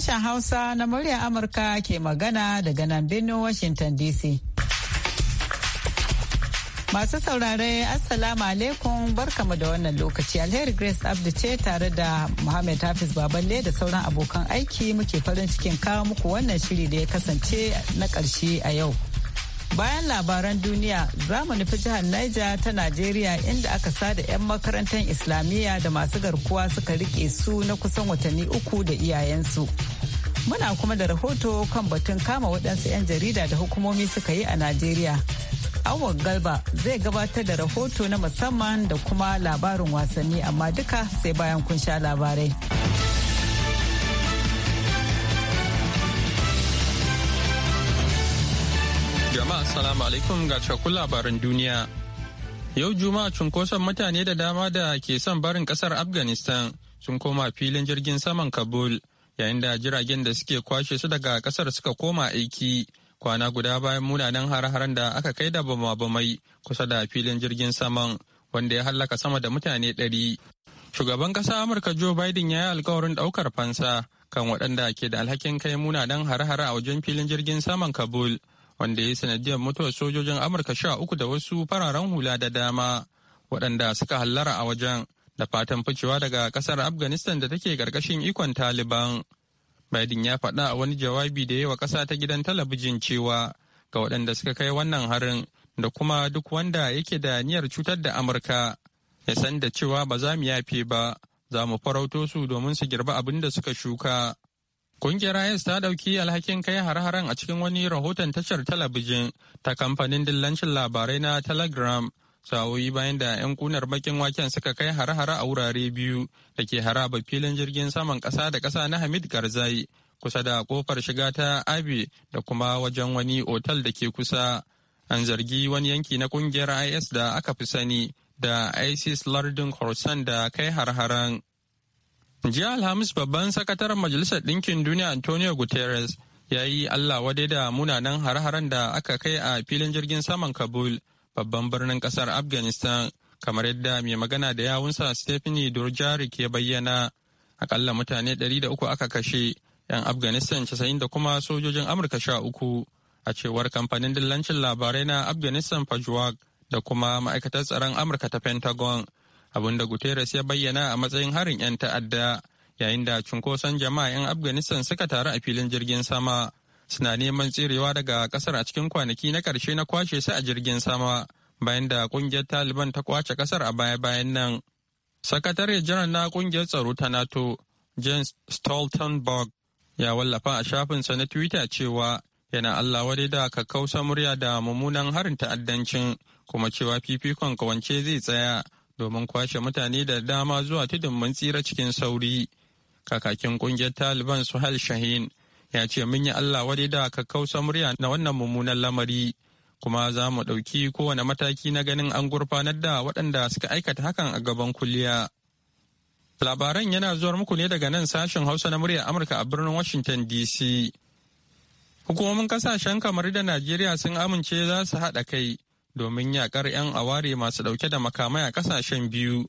Sashen Hausa na muryar Amurka ke magana daga nan birnin Washington DC. Masu saurare Assalamu alaikum barkamu da wannan lokaci alheri Grace Abdu ce tare da Muhammad Hafiz Baballe da sauran abokan aiki muke farin cikin kawo muku wannan shiri da ya kasance na karshe a yau. Bayan labaran duniya za mu nufi jihar Niger ta Najeriya inda aka sada 'yan makarantar Islamiyya da masu garkuwa suka rike su na kusan watanni uku da iyayensu. Muna kuma da rahoto kan batun kama waɗansu 'yan jarida da hukumomi suka yi a Najeriya. Awon Galba zai gabatar da rahoto na musamman da kuma labarin wasanni amma duka sai bayan kun sha labarai. Jama'a salamu alaikum ga cikakkun labaran duniya. Yau Juma'a cunkoson mutane da dama da ke son barin kasar Afghanistan sun koma filin jirgin saman Kabul yayin da jiragen da suke kwashe su daga kasar suka koma aiki kwana guda bayan munanan har-haren da aka kai da bama-bamai kusa da filin jirgin saman wanda ya hallaka sama da mutane ɗari. Shugaban ƙasa Amurka Joe Biden ya yi alkawarin ɗaukar fansa kan waɗanda ke da alhakin kai munanan har-hare a wajen filin jirgin saman Kabul wanda ya yi sanadiyar mutuwar sojojin Amurka sha uku da wasu fararen hula da dama waɗanda suka hallara a wajen da fatan ficewa daga kasar afghanistan da take karkashin ikon taliban biden ya faɗa a wani jawabi da yawa ƙasa ta gidan talabijin cewa ga waɗanda suka kai wannan harin da kuma duk wanda yake da niyyar cutar da amurka ya san da cewa ba za mu yafe ba za mu farauto su domin su girba abin da suka shuka Kungiyar IS ta ɗauki alhakin kai har-haren a cikin wani rahoton tashar talabijin ta kamfanin dillancin labarai na Telegram sa'o'i bayan da 'yan kunar bakin waken suka kai hare hara a wurare biyu da ke haraba filin jirgin saman ƙasa da ƙasa na hamid garzai kusa da kofar shiga ta abe da kuma wajen wani otal da ke kusa an zargi wani yanki na kungiyar is da aka fi sani da isis lardin horsan da kai har-haren jiya alhamis babban sakataren majalisar ɗinkin duniya antonio guterres ya yi allah wadai da munanan har-haren da aka kai a filin jirgin saman kabul babban birnin kasar afghanistan kamar yadda mai magana da yawunsa stephanie durjarik ya bayyana akalla mutane 300 aka kashe 'yan afghanistan 90 da kuma sojojin amurka sha uku a cewar kamfanin dillancin labarai na afghanistan pajwag da kuma ma'aikatar tsaron amurka ta pentagon abinda guterres ya bayyana a matsayin harin 'yan ta'adda yayin da cunkoson jama'a 'yan afghanistan suka taru a filin jirgin sama suna neman tserewa daga kasar a cikin kwanaki na karshe na kwashe su a jirgin sama bayan da kungiyar taliban ta kwace kasar a baya-bayan nan sakatare janar na kungiyar tsaro ta nato james stoltenberg ya wallafa a shafinsa na twitter cewa yana allah wadai da kakkausa murya da mummunan harin ta'addancin kuma cewa fifikon kawance zai tsaya domin kwashe mutane da dama zuwa tudun mun tsira cikin sauri kakakin kungiyar taliban suhail shahin ya ce mun yi Allah wadai da kakkausa murya na wannan mummunan lamari kuma za mu ɗauki kowane mataki na ganin an gurfanar da waɗanda suka aikata hakan a gaban kuliya. Labaran yana zuwar muku ne daga nan sashen Hausa na murya Amurka a birnin Washington DC. Hukumomin kasashen kamar da Najeriya sun amince za su haɗa kai domin yakar 'yan aware masu ɗauke da makamai a kasashen biyu.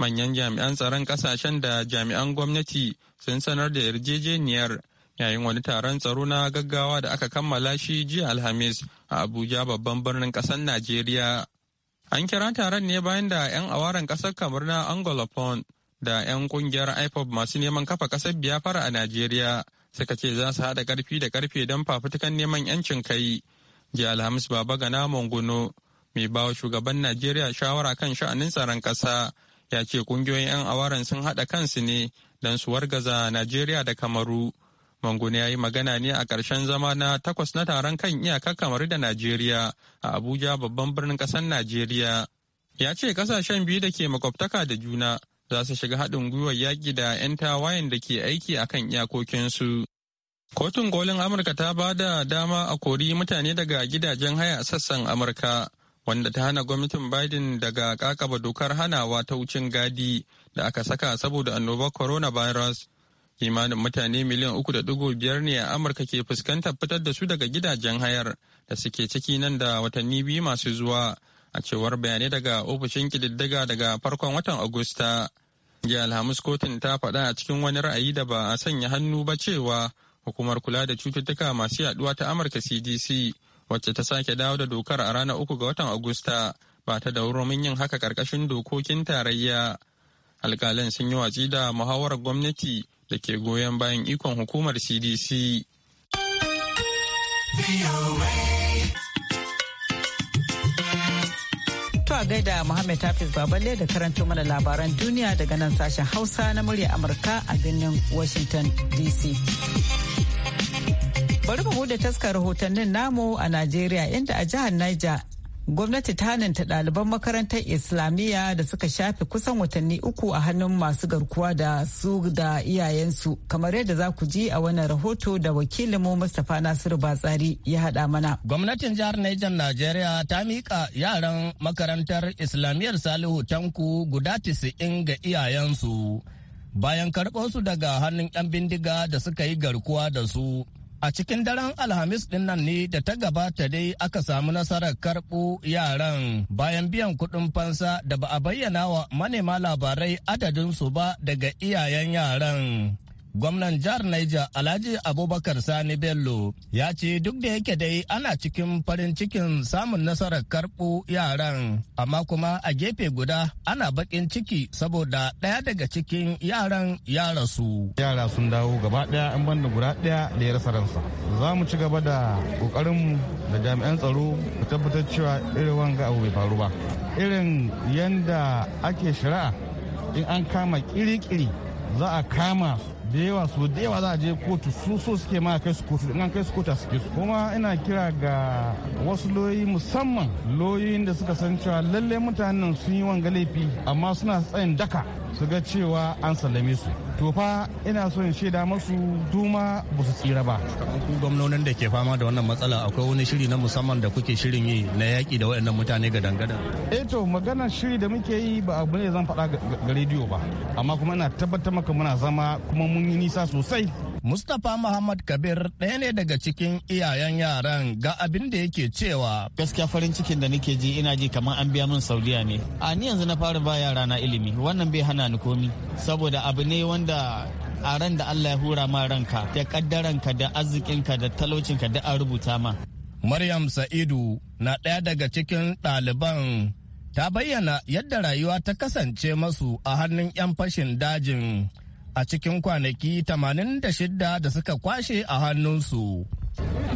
Manyan jami'an tsaron kasashen da jami'an gwamnati sun sanar da yarjejeniyar yayin wani taron tsaro na gaggawa da aka kammala shi jiya alhamis a abuja babban birnin kasar najeriya an kira taron ne bayan da 'yan awaren kasar kamar na anglophone da 'yan kungiyar ipob masu neman kafa ƙasar biafra a najeriya suka ce za su haɗa ƙarfi da ƙarfe don fafutukan neman 'yancin kai jiya alhamis baba ga gana mongono mai bawa shugaban najeriya shawara kan sha'anin tsaron kasa? ya ce kungiyoyin 'yan awaren sun haɗa kansu ne don su wargaza najeriya da kamaru Mangune ya yi magana ne a ƙarshen zama na takwas na taron kan iyaka kamar da Najeriya a Abuja babban birnin ƙasar Najeriya. Ya ce ƙasashen biyu da ke makwabtaka da juna za su shiga haɗin gwiwar yaƙi da 'yan tawayen da ke aiki a kan iyakokinsu. Kotun kolin Amurka ta ba da dama a kori mutane daga gidajen haya a sassan Amurka, wanda ta hana gwamnatin Biden daga kakaba dokar hanawa ta wucin gadi da aka saka saboda annobar coronavirus. kimanin mutane miliyan uku da dugu biyar ne a amurka ke fuskantar fitar da su daga gidajen hayar da suke ciki nan da watanni biyu masu zuwa a cewar bayanai daga ofishin kididdiga daga farkon watan agusta jiya alhamis kotun ta faɗa a cikin wani ra'ayi da ba a sanya hannu ba cewa hukumar kula da cututtuka masu yaduwa ta amurka cdc wacce ta sake dawo da dokar a ranar uku ga watan agusta ba ta da wurin yin haka karkashin dokokin tarayya alkalin sun yi watsi da muhawarar gwamnati da ke goyon bayan ikon hukumar CDC. a gaida Muhammad Hafiz Baballe da karanto mana labaran duniya daga nan sashen Hausa na murya Amurka a birnin Washington DC. Bari mu bude taskar rahotannin namu a Najeriya inda a jihar Niger gwamnati ta hananta ɗaliban makarantar islamiyya da suka shafe kusan watanni uku a hannun masu garkuwa da su da iyayensu kamar yadda za ku ji a wannan rahoto da wakilinmu mustapha nasiru batsari ya haɗa mana gwamnatin jihar niger najeriya ta miƙa yaran makarantar islamiyyar salihu tanku guda tisi'in ga iyayensu bayan karɓo su daga hannun 'yan bindiga da suka yi garkuwa da su A cikin daren Alhamis ɗin nan ne da ta gabata dai aka samu nasarar karɓo yaran bayan biyan kuɗin fansa da ba a bayyana wa manema labarai adadin su ba daga iyayen yaran. gwamnan jihar Niger Alhaji Abubakar Sani Bello ya ce duk da yake dai ana cikin farin cikin samun nasarar karɓo yaran amma kuma a gefe guda ana bakin ciki saboda ɗaya daga cikin yaran ya rasu. Yara sun dawo gaba ɗaya an banda guda ɗaya da ya rasa ransa. Za mu ci gaba da ƙoƙarinmu da jami'an tsaro mu tabbatar cewa irin wanga abu bai faru ba. Irin yanda ake shari'a in an kama kiri-kiri za a kama da yawa su da yawa za a je kotu su so suke ma kai su kotu in kai su kotu suke su kuma ina kira ga wasu loyi musamman loyoyin da suka san cewa lalle mutanen sun yi wanga laifi amma suna tsayin daka su ga cewa an sallame su to fa ina so in shaida masu duma ba su tsira ba ku gwamnonin da ke fama da wannan matsala akwai wani shiri na musamman da kuke shirin yi na yaki da waɗannan mutane ga dangada eh to maganar shiri da muke yi ba abu ne zan faɗa ga rediyo ba amma kuma ina tabbatar maka muna zama kuma mun mun yi nisa sosai Mustapha Muhammad Kabir ɗaya ne daga cikin iyayen yaran ga abin da yake cewa. Gaskiya farin cikin da nake ji ina ji kamar an biya min Saudiya ne. A ni yanzu na fara ba yara na ilimi wannan bai hana ni komi saboda abu ne wanda a ran da Allah ya hura ma ranka da ka da arzikinka da talaucinka da a rubuta ma. Maryam Sa'idu na ɗaya daga cikin ɗaliban ta bayyana yadda rayuwa ta kasance masu a hannun 'yan fashin dajin a cikin kwanaki 86 da suka kwashe a hannunsu.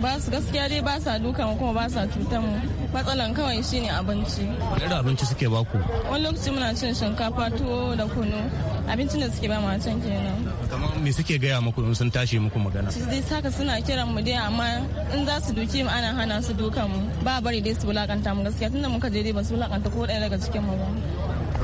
ba su gaskiya dai ba sa duka kuma ba sa cutar mu matsalan kawai shine abinci da abinci suke baku wani lokaci muna cin shinkafa tuwo da kunu abincin da suke ba mu can kenan kamar me suke gaya muku in sun tashi muku magana su dai saka suna kiran mu dai amma in za su duki mu ana hana su duka mu ba bari dai su wulakanta mu gaskiya tunda muka je dai ba su wulakanta ko ɗaya daga cikin mu ba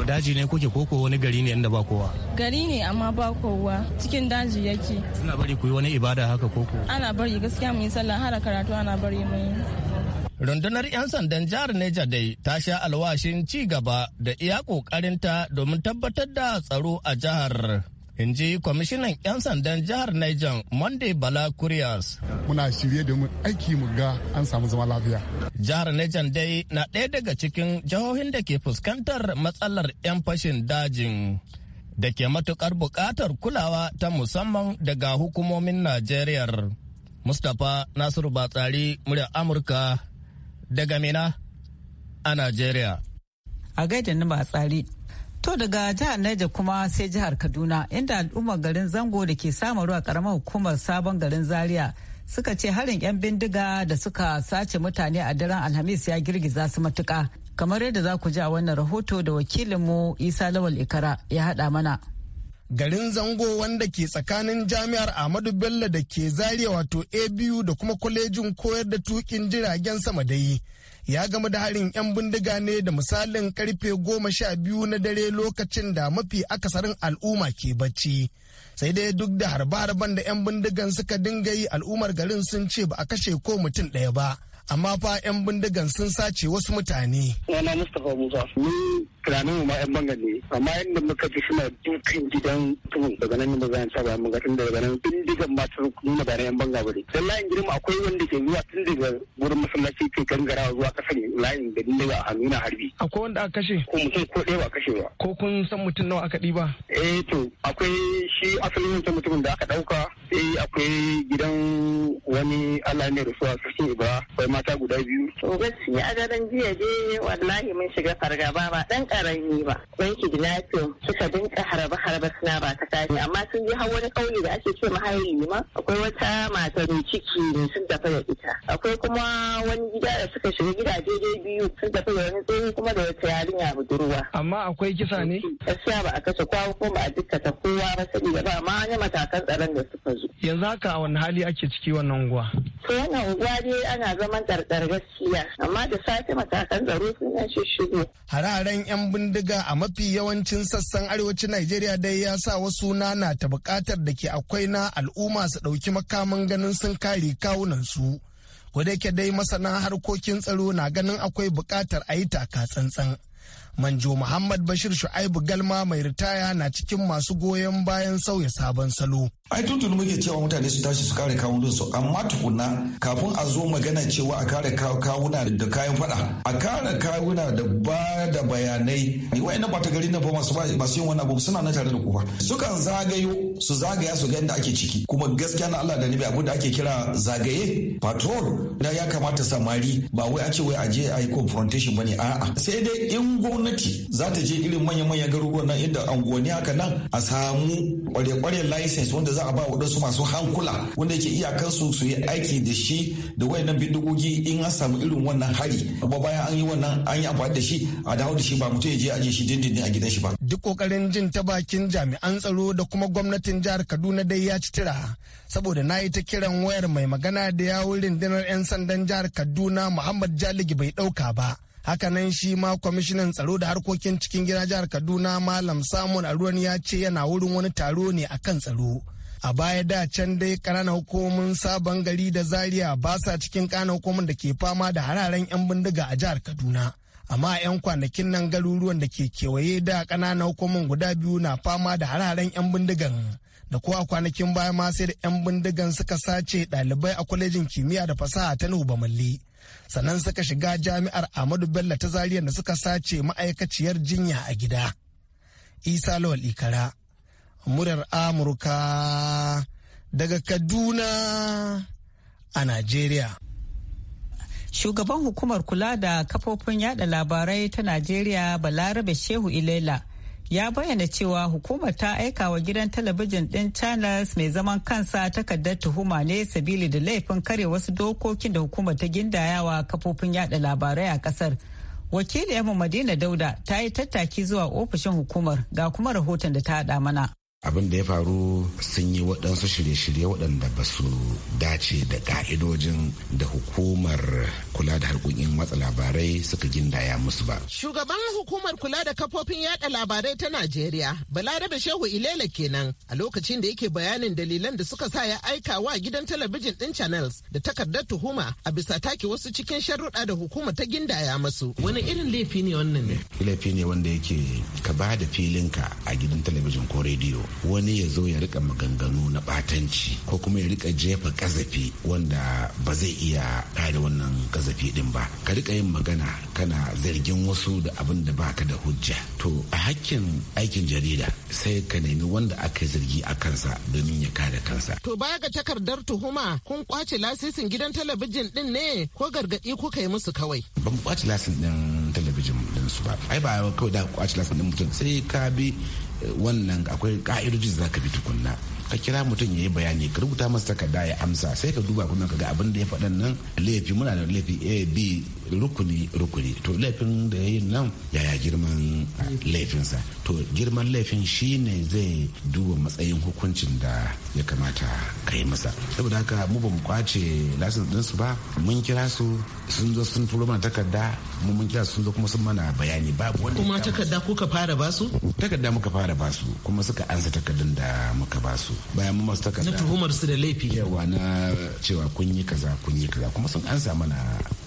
To daji ne kuke koko wani gari ne inda ba kowa? Gari ne amma ba kowa cikin daji yake. Suna bari ku yi wani ibada haka koko? Ana bari gaskiya mu yi sallah har karatu ana bari mu yi. Rundunar 'yan sandan jihar Neja dai ta sha alwashin ci gaba da iya ƙoƙarinta domin tabbatar da tsaro a jihar. in ji kwamishinan 'yan sandan jihar Niger Monday Bala Kuriyas. Muna shirye da mun aiki mu ga an samu zama lafiya. Jihar Niger dai na ɗaya daga cikin jihohin da ke fuskantar matsalar 'yan fashin dajin. Da ke matukar buƙatar kulawa ta musamman daga hukumomin Najeriya. Mustapha Nasiru Batsari, murya Amurka daga Mina a Najeriya. A gaida ba tsari. To daga jihar Niger kuma sai jihar Kaduna inda al'ummar garin Zango da ke samun ruwa karamar hukumar sabon garin Zaria suka ce harin 'yan bindiga da suka sace mutane a daren Alhamis ya girgiza su matuka. Kamar yadda za ku ji a wannan rahoto da wakilinmu Isa Lawal Ikara ya haɗa mana. garin zango wanda ke tsakanin jami'ar ahmadu bello da ke zariya wato abu da kuma kwalejin koyar da tukin jiragen sama dai ya gama da harin 'yan bindiga ne da misalin karfe goma sha biyu na dare lokacin da mafi akasarin al'umma ke bacci sai dai duk da harba-harban da 'yan bindigan suka dinga yi al'ummar garin sun ce ba a kashe ko mutum ɗaya ba amma fa 'yan bindigan sun sace wasu mutane. Wana Mustapha Musa, ni tunanin mu ma 'yan bangan ne, amma yadda muka fi suna dukan gidan tumun daga nan ba zan saba mun ga tun daga nan bindigan ma su nuna ba na 'yan banga ba ne. Dan layin gidan akwai wanda ke zuwa tun daga wurin masallaci ke gangarawa zuwa kasan layin da bindiga a nuna harbi. Akwai wanda aka kashe? Ko mutum ko ɗaya ba kashe ba. Ko kun san mutum nawa aka ɗiba? Eh to akwai shi asalin wancan mutumin da aka ɗauka sai akwai gidan wani Allah ne da suwa Sarkin Ibra akwai ma mata guda biyu. To gaskiya a daren jiya je wallahi mun shiga fargaba ba dan karami ba. Ɗan kidnapping suka dinka harbe-harbe suna ba ta kashi amma sun je har wani ƙauye da ake ce mahayi ma akwai wata mata mai ciki ne sun tafi da ita. Akwai kuma wani gida da suka shiga gidaje dai biyu sun tafi da wani tsohon kuma da wata yarinya budurwa. Amma akwai kisa ne? Gaskiya ba a kashe kwawo ko ba a ta kowa ba saboda ba ma wani matakan tsaron da suka zo. Yanzu haka a wani hali ake ciki wannan unguwa? To wannan unguwa dai ana zama nan gargar gaskiya amma da safe matakan tsaro sun ya shishigo. Hararen 'yan bindiga a mafi yawancin sassan arewacin Najeriya dai ya sa wasu na ta bukatar da ke akwai na al'umma su ɗauki makaman ganin sun kare kawunan su. Kodayake dai masana harkokin tsaro na ganin akwai bukatar a yi taka tsantsan. Manjo Muhammad Bashir Shu'aibu Galma mai ritaya na cikin masu goyon bayan sauya sabon salo. Ai tuntunu muke cewa mutane su tashi su kare kawunan su amma tukuna kafin a zo magana cewa a kare kawuna da kayan fada a kare kawuna da ba da bayanai ni wayan ba ta gari na ba masu masu yin wannan abu suna nan tare da ku ba sukan zagayo su zagaya su ga inda ake ciki kuma gaskiya na Allah da nabi abu da ake kira zagaye patrol na ya kamata samari ba wai a ce wai a je a yi confrontation bane a'a sai dai in gwamnati gwamnati za ta je irin manya-manyan garuruwan nan inda anguwanni haka nan a samu kware kware license wanda za a ba waɗansu masu hankula wanda yake iyakar su yi aiki da shi da wayannan bindigogi in an samu irin wannan hari kuma bayan an yi wannan an yi amfani da shi a dawo da shi ba mutum ya je aje shi dindindin a gidan shi ba. Duk kokarin jin ta bakin jami'an tsaro da kuma gwamnatin jihar Kaduna dai ya ci tira saboda na yi ta kiran wayar mai magana da yawun rundunar 'yan sandan jihar Kaduna Muhammad Jaligi bai ɗauka ba. hakanan shi ma kwamishinan tsaro da harkokin cikin gida jihar kaduna malam samun aruwan ya ce yana wurin wani taro ne akan tsaro a baya da can dai ƙananan hukumomin sabon gari da zaria ba sa cikin ƙananan hukumomin da ke fama da hararen 'yan bindiga a jihar kaduna amma a 'yan kwanakin nan garuruwan da ke kewaye da ƙananan hukumomin guda biyu na fama da hararen 'yan bindigan da ko a kwanakin baya ma sai da 'yan bindigan suka sace ɗalibai a kwalejin kimiyya da fasaha ta nuhu malli sannan suka shiga jami'ar ahmadu bello ta zariya da suka sace ma'aikaciyar jinya a gida isa lawal ikara murar amurka daga kaduna a nigeria. shugaban hukumar kula da kafofin yada labarai ta najeriya balarabe shehu ilela ya bayyana cewa hukumar ta aika wa gidan talabijin ɗin channels mai zaman kansa takardar tuhuma ne sabili da laifin kare wasu dokokin da hukumar ta gindayawa kafofin yada labarai a ƙasar wakiliyarmu madina dauda ta yi tattaki zuwa ofishin hukumar ga kuma rahoton da ta haɗa mana abin da ya faru sun yi waɗansu shirye-shirye waɗanda ba su dace da ƙa'idojin da hukumar kula da harkokin matsa labarai suka gindaya musu ba. Shugaban hukumar kula da kafofin yada labarai ta Najeriya, Balarabe Shehu Ilela kenan a lokacin da yake bayanin dalilan da suka sa ya aika wa gidan talabijin ɗin Channels da takardar tuhuma a bisa take wasu cikin sharuɗa da hukuma ta gindaya musu. Wani irin laifi ne wannan ne? Laifi ne wanda yake ka ba da filinka a gidan talabijin ko rediyo wani ya zo ya rika maganganu na batanci ko kuma ya rika jefa kazafi wanda ba zai iya kare wannan kazafi din ba ka rika yin magana kana zargin wasu da abin da baka da hujja to a hakkin aikin jarida sai ka nemi wanda aka zargi a kansa domin ya kare kansa to baya ga takardar tuhuma kun kwace lasisin gidan talabijin din ne ko gargadi kuka yi musu kawai ban kwace lasisin din gidan talabijin din su ba ai ba kawai da kwaci lasan din mutum sai ka bi eh, wannan akwai ka'idojin za ka bi tukunna ka kira mutum ya yi bayani ka rubuta masa takarda ya amsa sai ka duba kuma ka ga abin da ya faɗan nan laifi muna da laifi a b rukuni rukuni to laifin da ya yi nan yaya girman ah, laifinsa to girman laifin shine zai duba matsayin hukuncin da ya kamata ka yi masa saboda haka mu ba mu kwace lasin ɗinsu ba mun kira su sun zo sun turo mana takarda mu mun kira sun zo kuma sun mana bayani babu wanda kuma takarda ko ka fara ba su takarda muka fara ba su kuma suka ansa takardun da muka ba su bayan mu masu takarda na tuhumar su da laifi yawa na cewa kun yi kaza kun yi kaza kuma sun ansa mana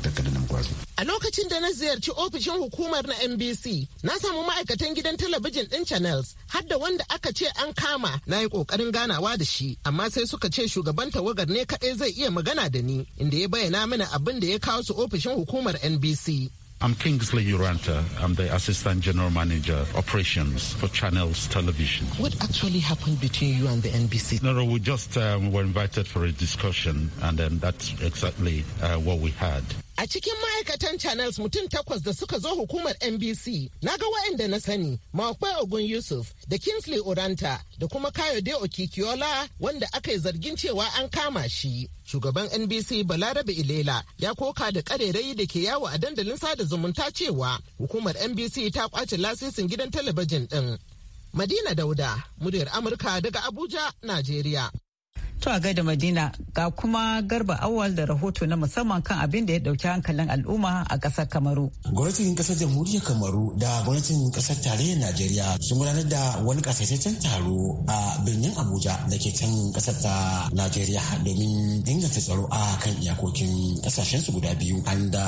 tattalin A lokacin da na ziyarci ofishin hukumar na NBC, na samu ma'aikatan gidan talabijin ɗin Channels, har da wanda aka ce an kama na yi ƙoƙarin ganawa da shi, amma sai suka ce shugaban tawagar ne kaɗai zai iya magana da ni, inda ya bayyana mana abin da ya kawo su ofishin hukumar NBC. I'm Kingsley Uranta. I'm the Assistant General Manager Operations for Channels Television. What actually happened between you and the NBC? No, no, we just um, were invited for a discussion, and um, that's exactly uh, what we had. A cikin ma'aikatan channels mutum takwas da suka zo hukumar NBC na ga waɗanda na sani Mawakwai Ogun Yusuf da Kingsley Oranta da kuma Kayode Okikiola wanda aka yi zargin cewa an kama shi. Shugaban NBC Balarabe Ilela ya koka da karerai da ke yawo a dandalin sada zumunta cewa hukumar NBC ta kwace lasisin gidan talabijin ɗin. Madina Dauda, muryar Amurka daga Abuja, Najeriya. To a gaida Madina ga kuma garba awal da rahoto na musamman kan abin da ya dauki hankalin al'umma a kasar Kamaru. Gwamnatin kasar jamhuriyar Kamaru da gwamnatin kasar tarayyar Najeriya sun gudanar da wani kasaitaccen taro a birnin Abuja da ke can kasar ta Najeriya domin inganta tsaro a kan iyakokin kasashen su guda biyu an da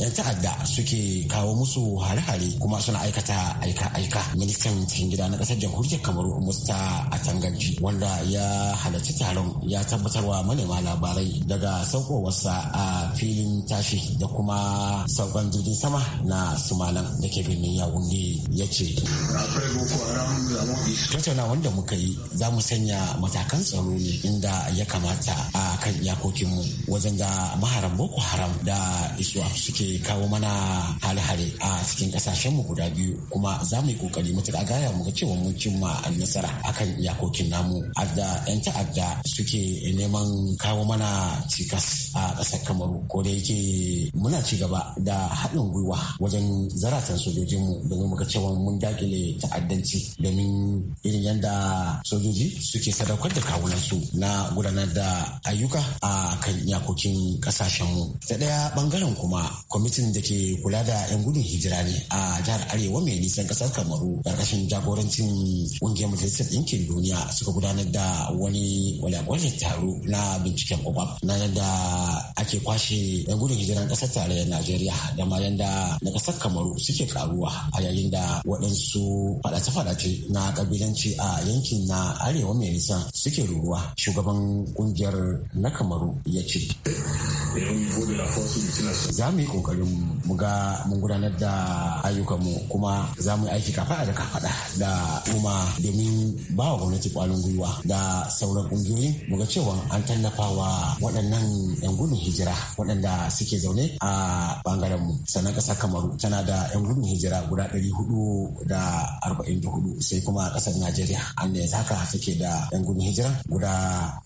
yan ta'adda suke kawo musu hare-hare kuma suna aikata aika-aika. Ministan cikin gida na kasar jamhuriyar Kamaru Musta Atanganji wanda ya halarci taron ya tabbatarwa manema labarai daga saukowarsa a filin tashi da kuma saukan jirgin sama na Sumalan da ke birnin Yawunde ya ce. Tattauna wanda muka yi za mu sanya matakan tsaro ne inda ya kamata a kan iyakokinmu wajen da maharan Boko Haram da Iswap suke kawo mana hare-hare a cikin kasashenmu guda biyu kuma za mu yi kokari mutuka gaya mu ga cewa mun cimma nasara akan iyakokin namu adda 'yan ta'adda su suke neman kawo mana cikas a ƙasar kamaru ko da yake muna ci gaba da haɗin gwiwa wajen zaratan sojojinmu domin muka cewa mun dakile ta'addanci domin irin yadda sojoji suke sadaukar da kawunansu na gudanar da ayyuka a kan iyakokin ƙasashenmu ta ɗaya ɓangaren kuma kwamitin da ke kula da 'yan gudun hijira ne a jihar arewa mai nisan ƙasar kamaru ƙarƙashin jagorancin ƙungiyar majalisar ɗinkin duniya suka gudanar da wani walaƙo wannan taro na binciken obam na yadda ake kwashe yan gudun hijiran ƙasar tarayyar najeriya da ma yadda na ƙasar kamaru suke karuwa a yayin da waɗansu faɗace-faɗace na ƙabilanci a yankin na arewa mai nisa suke ruruwa shugaban ƙungiyar na kamaru ya ce za mu yi ƙoƙarin mu ga mun gudanar da ayyukanmu kuma za mu yi aiki kafaɗa da kafaɗa da kuma domin ba wa gwamnati kwalin gwiwa da sauran ƙungiyoyin muga cewa an wa. waɗannan 'yan gudun hijira waɗanda suke zaune a bangaren mu sannan ƙasar kamaru tana da 'yan gudun hijira guda ɗari hudu da arba'in da hudu sai kuma ƙasar najeriya an yanzu haka take da 'yan gudun hijira guda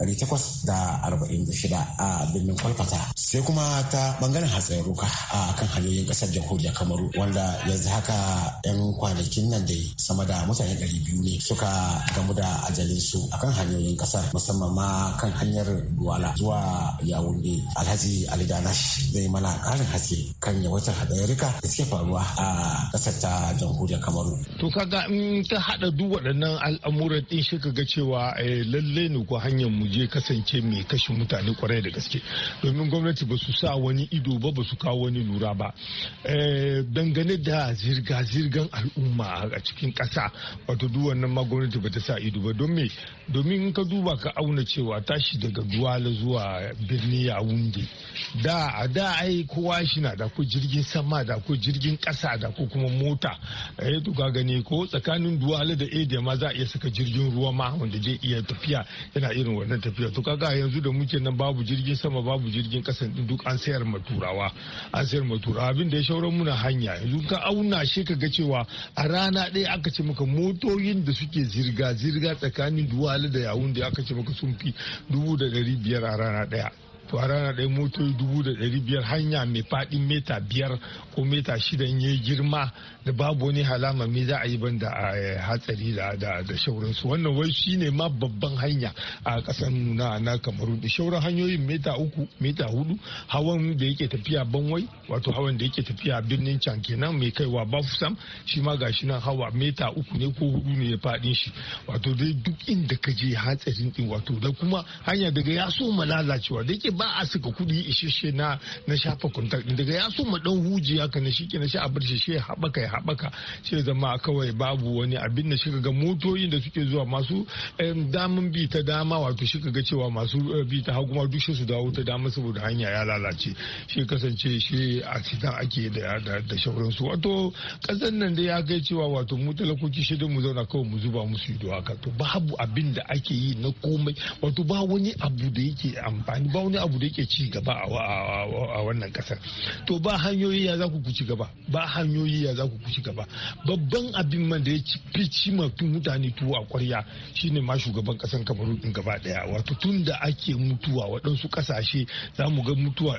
ɗari takwas da arba'in da shida a birnin kwalfata sai kuma ta bangaren hatsayin ruka a kan hanyoyin ƙasar jamhuriyar kamaru wanda yanzu haka 'yan kwanakin nan dai sama da mutane ɗari biyu ne suka gamu da ajalinsu akan hanyoyin ƙasar musamman ma kan hanyar duwala zuwa yawunde alhaji alidanash zai mana karin haske kan yawaitar rika da suke faruwa a kasar ta jamhuriyar kamaru to kaga in ta haɗa duk waɗannan al'amuran din shi ga cewa eh, lalle ne ko hanyar mu je kasance mai kashe mutane kwarai da gaske domin gwamnati ba su sa wani ido ba ba su kawo wani lura ba eh, dangane da zirga-zirgan al'umma a cikin ƙasa wato duk wannan ma gwamnati ba ta sa ido ba don me domin ka duba ka auna cewa tashi daga duwala zuwa birni ya wunde da a da ai kowa shi na da ko jirgin sama da ko jirgin kasa da ko kuma mota a yi duka gani ko tsakanin duwala da ede ma za a iya saka jirgin ruwa ma wanda zai iya tafiya yana irin wannan tafiya to kaga yanzu da muke nan babu jirgin sama babu jirgin kasa din duk an sayar ma turawa an sayar ma turawa abin da ya shauran muna hanya yanzu ka auna shi ka ga cewa a rana ɗaya aka ce maka motoyin da suke zirga zirga tsakanin duwala da yawun da aka ce maka sun dubu da ɗari biyar a rana ɗaya to a rana ɗaya motoci dubu da ɗari biyar hanya mai faɗi mita biyar ko mita shida ya girma da babu wani halama me za a yi ban da eh, hatsari da shauransu wannan wai shine ma babban hanya a ƙasar na na kamaru da shauran hanyoyin mita uku mita hudu hawan da yake tafiya banwai wato hawan da yake tafiya birnin can kenan mai kaiwa bafusam shi ma gashi nan hawa mita uku ne ko hudu ne ya faɗin shi wato dai duk inda ka je hatsarin din wato da kuma hanya daga ya so lalacewa da yake ba a saka kuɗi isheshe na na shafa kuntar daga ya so dan huji haka na shike na shi a bar shi shi haɓaka ya haɓaka shi zama kawai babu wani abin da shiga ga motoyin da suke zuwa masu damun bi ta dama wato shi ga cewa masu eh, bi ta hagu ma duk su dawo ta dama saboda hanya ya lalace shi kasance shi a cikin ake da su wato kasan nan da ya kai cewa wato mu talakoki shi mu zauna kawai mu zuba musu ido haka to babu abin da ake yi na komai wato ba wani abu da yake amfani ba wani abu da yake ci gaba a wannan kasar to ba hanyoyi ya za ku kuci gaba ba hanyoyi ya za ku kuci gaba babban abin man da ya fi ci mutane tuwo a kwarya shine ma shugaban kasar kamaru din gaba daya wato tun da ake mutuwa waɗansu kasashe za mu ga mutuwa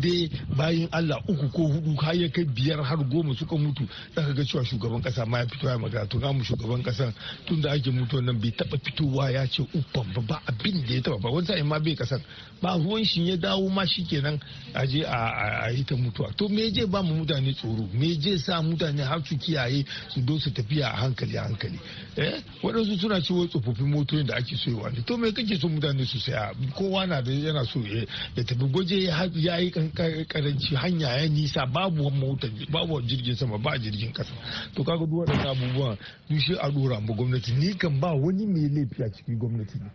dai bayan allah uku ko hudu har ya kai biyar har goma suka mutu zaka ga cewa shugaban kasa ma ya fito ya magana to namu shugaban kasa tun da ake mutuwa nan bai taba fitowa ya ce uban ba abin da ya taba ba wani sa'in ma bai kasar. ba ruwan shin ya dawo ma shi kenan a je a yi ta mutuwa to me je ba mu mutane tsoro me je sa mutane har su kiyaye su do su tafiya a hankali a hankali eh waɗansu suna wai tsofaffin motoyin da ake soyewa ne to me kake so mutane su saya kowa na da yana so ya tafi gwaje ya yi karanci hanya ya nisa babu mota babu jirgin sama ba jirgin kasa to kaga duk waɗannan abubuwan duk shi a dora mu gwamnati ni kan ba wani mai laifi a cikin gwamnati ne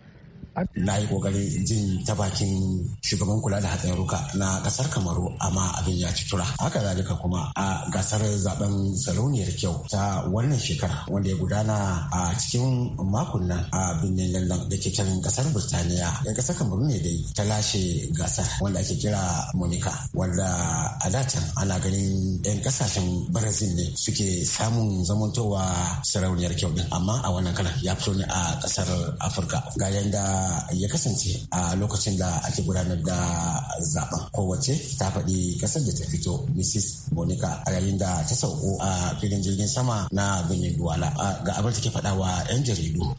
Na yi kokarin jin ta bakin shugaban kula da ruka na kasar Kamaru amma abin ya ci tura. Haka zalika kuma a gasar zaben saloniyar kyau ta wannan shekara wanda ya gudana a cikin makon nan a birnin London da ke can kasar Birtaniya. Yan kasar Kamaru ne dai ta lashe gasar wanda ake kira Monica wanda a datan ana ganin yan kasashen Brazil ne suke samun zamantowa sarauniyar kyau din amma a wannan kalan ya fito ne a kasar Afirka. Ga yanda ya kasance a lokacin da ake gudanar da zaben kowace ta faɗi ƙasar da ta fito mrs monica a yayin da ta sauko a filin jirgin sama na benin duwala ga abin take faɗa wa 'yan jaridu.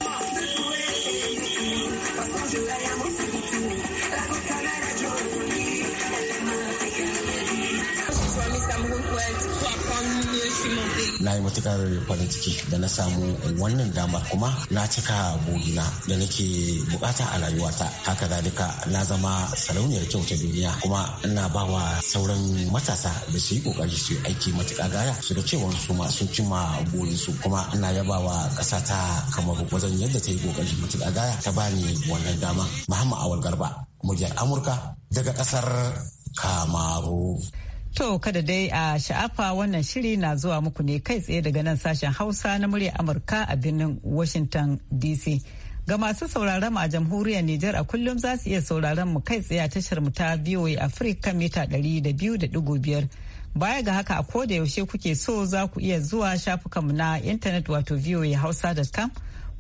na yi matukar farin ciki da na samu wannan damar kuma na cika burina da nake bukata a rayuwata haka zalika na zama sarauniyar kyau ta duniya kuma ina ba wa sauran matasa da su yi kokari su aiki matuka gaya su da cewa su ma sun cimma burinsu kuma ina yaba wa kasa ta kamar wajen yadda ta yi kokari matuka gaya ta bani wannan dama muhammad awal garba muryar amurka daga ƙasar kamaru To kada dai a sha'afa wannan shiri na zuwa muku ne kai tsaye daga nan sashen Hausa na murya Amurka a birnin Washington DC. Ga masu sauraron mu a jamhuriyar Nijar a kullum za su iya sauraron mu kai tsaye a tashar mu ta VOA Africa mita 200.5. Baya ga haka a koda yaushe kuke so za ku iya zuwa shafukan mu na intanet wato voahausa.com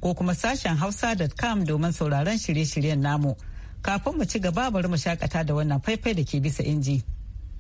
ko kuma sashen hausa.com domin sauraron shirye-shiryen namu. Kafin mu ci gaba bari mu shakata da wannan faifai da ke bisa inji.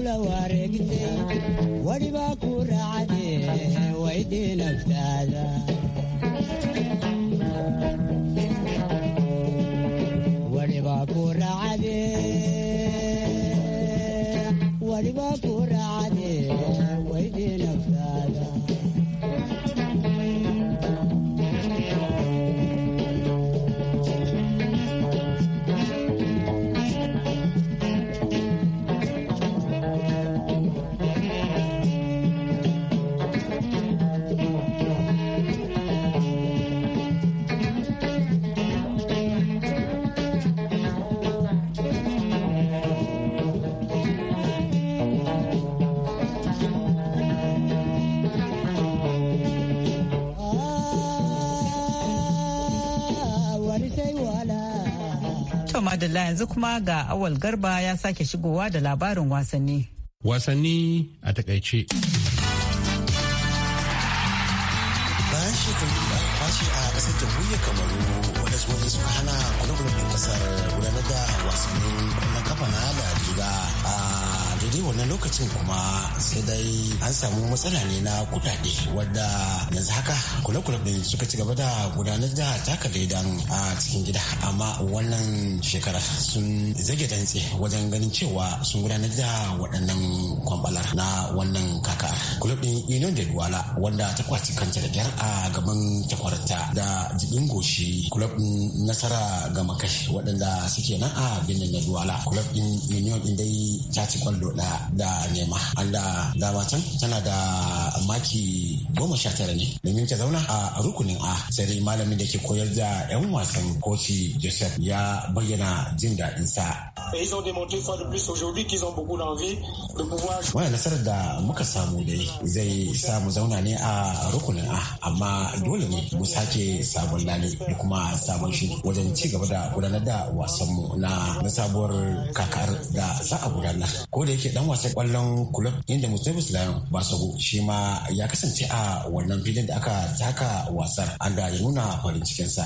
kulawa madalla yanzu kuma ga awal garba ya sake shigowa da labarin wasanni. Wasanni a takaice. Bayan shekaru da kwashi a ƙasar jamhuriyar Kamaru wanda su suka hana kwale-kwalen ƙasar gudanar da wasannin kwallon kafa na da a daidai wannan lokacin kuma sai dai an samu matsala ne na kudade wadda yanzu haka kula-kula bin suka ci gaba da gudanar da taka daidan a cikin gida amma wannan shekara sun zage dantse wajen ganin cewa sun gudanar da waɗannan kwambalar na wannan kaka kula bin union da duwala wanda ta kwaci kanta da gyar a gaban takwarta da jibin goshi kula bin nasara ga makashi waɗanda suke nan a birnin da duwala kula bin union din dai ta ci kwallo da da nema an da da wacan tana da maki goma sha tara ne domin ta zauna a rukunin a sai dai malamin da ke koyar da yan wasan kofi joseph ya bayyana jin daɗin sa wani nasarar da muka samu dai zai samu zauna ne a rukunin a amma dole ne mu sake sabon lale da kuma sabon shi wajen ci gaba da gudanar da wasanmu na sabuwar kakar da za a gudanar ko da yake Idan dan wasan kwallon kulob inda Mutubus Lion Basago shi ma ya kasance a wannan filin da aka taka wasar an da ya nuna farin cikinsa.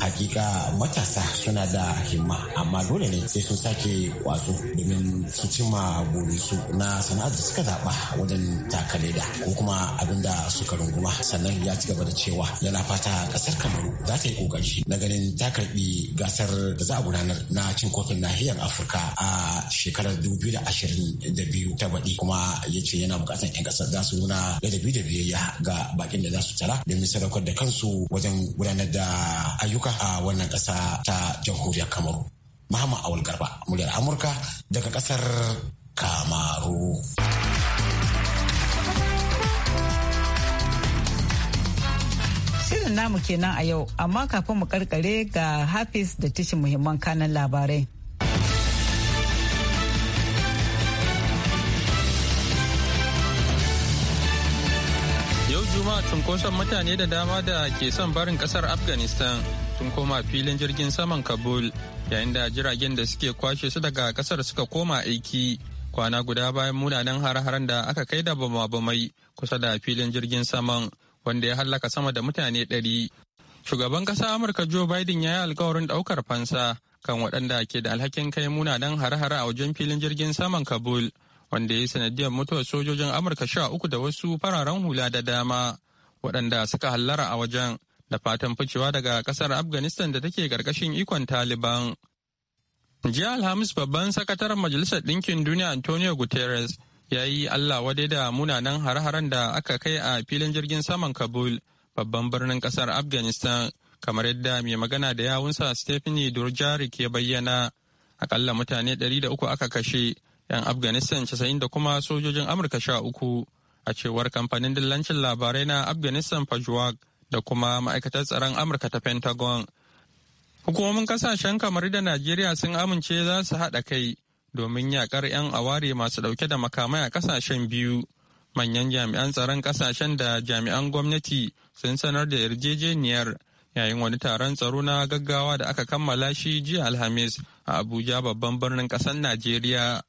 Hakika matasa suna da himma amma dole ne sai sun sake kwazo domin su cimma burinsu na sana'ar da suka zaɓa wajen takale da. ko kuma abin da suka runguma sannan ya ci gaba da cewa yana fata ƙasar Kamaru za ta yi ƙoƙari na ganin ta karɓi gasar da za a gudanar na cin kofin nahiyar nahiyar afirka a shekarar 2022 ta baɗi kuma ya ce yana bukatar 'yan ƙasar za su nuna ladabi da biyayya ga bakin da za su tara domin sadaukar da kansu wajen gudanar da ayyuka a wannan ƙasa ta jamhuriyar kamaru Muhammad Awul Garba, muryar Amurka daga ƙasar Kamaru. Shirin namu kenan a yau, amma kafin mu karkare ga Hafiz da tishin muhimman kanan labarai. Cunkoson mutane da dama da ke son barin kasar Afghanistan sun koma filin jirgin saman Kabul yayin da jiragen da suke kwashe su daga kasar suka koma aiki kwana guda bayan munanan har-haren da aka kai da bama kusa da filin jirgin saman wanda ya hallaka sama da mutane ɗari. Shugaban kasa Amurka Joe Biden ya yi alkawarin ɗaukar fansa kan waɗanda ke da alhakin kai munanan har-hare a wajen filin jirgin saman Kabul. wanda ya yi sanadiyar mutuwar sojojin amurka sha uku da wasu fararen hula da dama waɗanda suka hallara a wajen da fatan ficewa daga ƙasar afghanistan da take ƙarƙashin ikon taliban jiya alhamis babban sakataren majalisar ɗinkin duniya antonio guterres ya yi allah wadai da munanan har-haren da aka kai a filin jirgin saman kabul babban birnin ƙasar afghanistan kamar yadda mai magana da yawunsa stephanie durjarik ya bayyana akalla mutane 300 aka kashe 'yan afghanistan 90 da kuma sojojin amurka sha uku. a cewar kamfanin dillancin labarai na afghanistan pajwag da kuma ma'aikatar tsaron amurka ta pentagon hukumomin kasashen kamar da najeriya sun amince za su haɗa kai domin yakar 'yan aware masu ɗauke da makamai a kasashen biyu manyan jami'an tsaron kasashen da jami'an gwamnati sun sanar da yarjejeniyar yayin wani taron tsaro na gaggawa da aka kammala shi jiya alhamis a abuja babban birnin ƙasar najeriya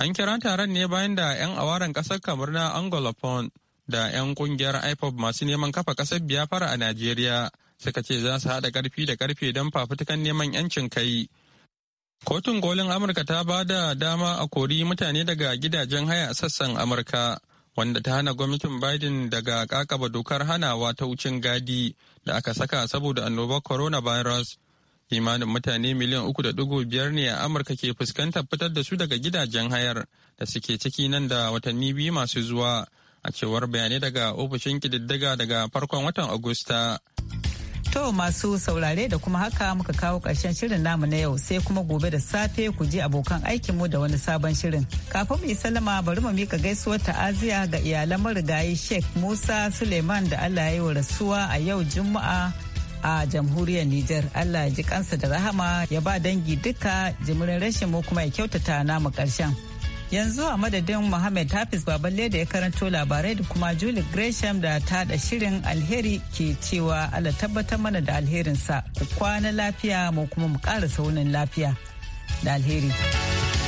An kira taron ne bayan da 'yan awaren ƙasar kamar na Angolophone da 'yan ƙungiyar IPOB masu neman kafa ƙasar biyafara a Najeriya suka ce za su haɗa ƙarfi da ƙarfe don fafutukan neman 'yancin kai. Kotun kolin Amurka ta ba da dama a kori mutane daga gidajen haya a sassan Amurka, wanda ta hana gwamnatin Biden daga kakaba dokar hanawa ta wucin gadi da aka saka saboda annobar coronavirus. kimanin mutane miliyan uku da dugu biyar ne a amurka ke fuskantar fitar da su daga gidajen hayar da suke ciki nan da watanni biyu masu zuwa a cewar bayanai daga ofishin kididdiga daga farkon watan agusta To masu saurare da kuma haka muka kawo karshen shirin namu na yau sai kuma gobe da safe ku je abokan aikinmu da wani sabon shirin. Kafin mu yi salama bari mu mika gaisuwar ta'aziya ga iyalan marigayi Sheikh Musa Suleiman da Allah ya yi wa rasuwa a yau Juma'a a jamhuriyar Nijar. Allah ya ji kansa da rahama ya ba dangi duka jimirin rashin mu kuma ya kyautata namu ƙarshen. Yanzu a madadin Mohammed Tafis Baballe da ya karanto labarai da kuma Julie Gresham da ta da shirin alheri ke cewa Allah tabbatar mana da alherinsa ku kwana lafiya mu kuma mu ƙara saunin lafiya da alheri.